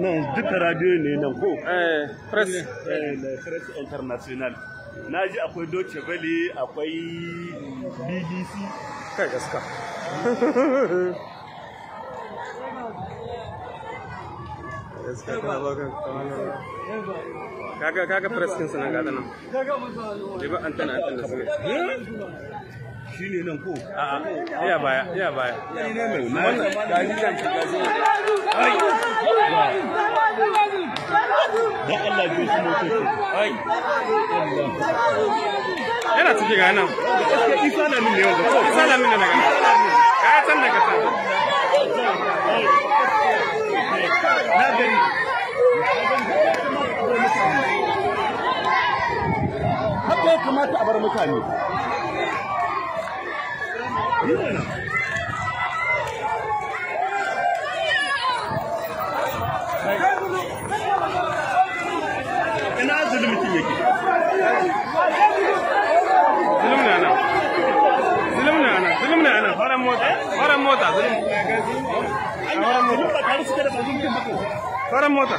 Non, duka radio ne nan ko? Eh, press. Eh, eh, press international. Na ji akwai Deutsche Welle, akwai BBC. Kai gaska. Kaga kaga press kin sanan ga nan. Kaga antana antana sai. nan ko? A'a, baya, baya. Ni ne mai. Wannan Ai. ya Allah bi su mutu ai yana ciki ga nan isa na min ne wanda ko isa na min daga ga san daga sana na gani haka ya kamata a bar mutane zulumi tin yake zulum na nan zulum na nan zulum na nan horan mota horan mota zulum horan mota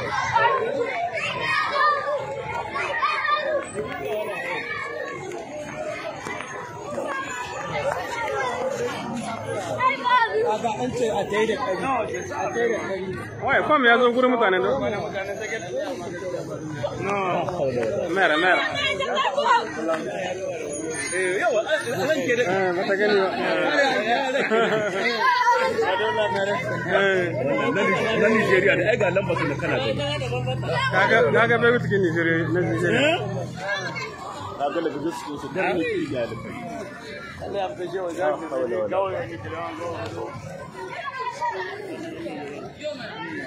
horan mota kaga an ce a tayi kari a tayi kari wai kwam ya zo gurin mutane da no mera mera eh yawa an ke da eh mata gani ba na se da ga lamba da kana gani kaga kaga bai wuce Nigeria na Nigeria kaga da bisu su da ni ga da I'll have to do it. Go.